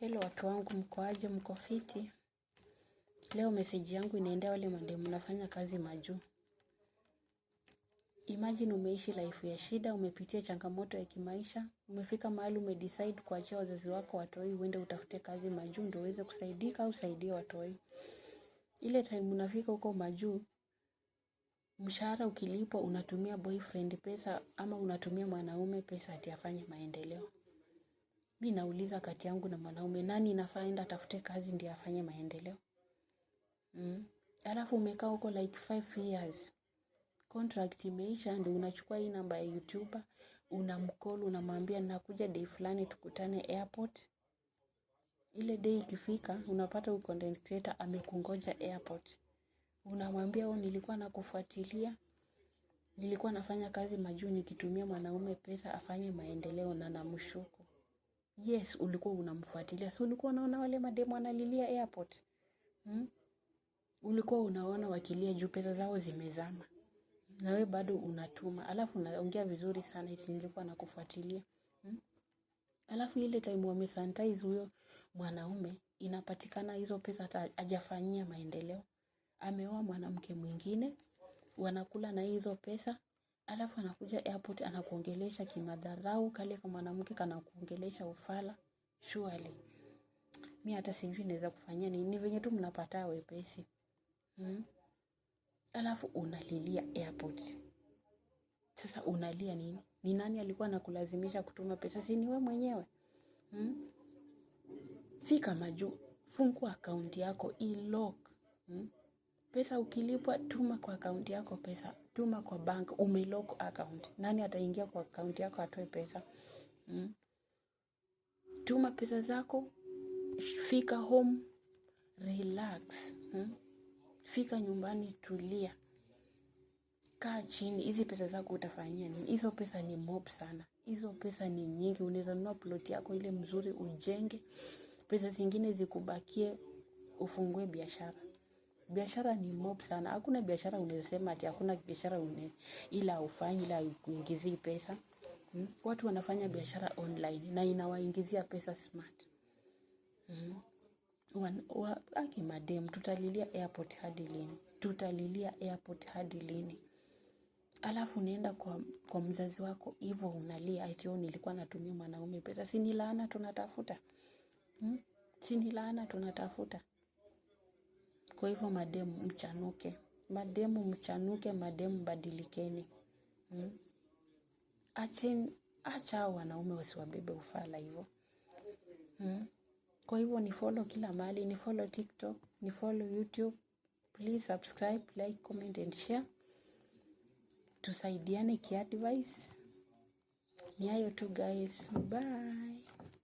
Hello watu wangu, mko aje? Mko fiti? Leo meseji yangu inaendea wale mwende mnafanya kazi majuu. Imagine umeishi life ya shida, umepitia changamoto ya kimaisha, umefika mahali umedecide kuachia wazazi wako watoi, uende utafute kazi majuu ndio uweze kusaidika au usaidie watoi. Ile time unafika huko majuu, mshahara ukilipwa unatumia boyfriend pesa ama unatumia mwanaume pesa ati afanye maendeleo mi nauliza kati yangu na mwanaume nani nafaa enda tafute kazi ndio afanye maendeleo mm. Alafu umekaa huko like five years contract imeisha, ndio unachukua hii namba ya YouTuber unamcall, unamwambia nakuja day fulani tukutane airport. Ile day ikifika, unapata huyu content creator amekungoja airport, unamwambia wewe, oh, nilikuwa nakufuatilia, nilikuwa nafanya kazi majuu nikitumia mwanaume pesa afanye maendeleo na namshuku Yes, ulikuwa unamfuatilia. So ulikuwa unaona wale mademu wanalilia airport. Hmm? Ulikuwa unaona wakilia juu pesa zao zimezama. Na wewe bado unatuma. Alafu unaongea vizuri sana eti nilikuwa nakufuatilia. Hmm? Alafu ile time wamesanitize huyo mwanaume inapatikana hizo pesa hata hajafanyia maendeleo. Ameoa mwanamke mwingine, wanakula na hizo pesa, alafu anakuja airport anakuongelesha kimadharau kale kama mwanamke kanakuongelesha ufala surely Mimi hata sijui naweza kufanyia nini ni venye tu mnapata wepesi hmm? alafu unalilia airport sasa unalia nini ni nani alikuwa nakulazimisha kutuma pesa si ni wewe mwenyewe hmm? fika majuu fungua akaunti yako i-lock. hmm? pesa ukilipwa tuma kwa akaunti yako pesa umetuma kwa bank, umelock account. Nani ataingia kwa account yako atoe pesa? Mm. Tuma pesa zako, fika home relax. Mm. Fika nyumbani, tulia, kaa chini. Hizi pesa zako utafanyia nini? Hizo pesa ni mob sana, hizo pesa ni nyingi. Unaweza nunua plot yako ile mzuri, ujenge, pesa zingine zikubakie, ufungue biashara. Biashara ni mob sana. Hakuna biashara unaweza sema ati hakuna biashara une ila ufanye ila ikuingizi pesa. Hmm? Watu wanafanya biashara online na inawaingizia pesa smart. Hmm? Aki madem, tutalilia airport hadi lini? Tutalilia airport hadi lini? Alafu unaenda kwa mzazi wako hivo unalia ati nilikuwa natumia mwanaume pesa. Si ni laana tunatafuta? Hmm? Si ni laana tunatafuta? Kwa hivyo mademu mchanuke, mademu mchanuke, mademu badilikeni. Hmm? Acheni, acha wanaume wasiwabebe ufala hivyo. Hmm? Kwa hivyo ni follow kila mahali, ni follow TikTok, ni follow YouTube. Please subscribe, like, comment and share. Tusaidiane kiadvice. Ni hayo tu guys. Bye.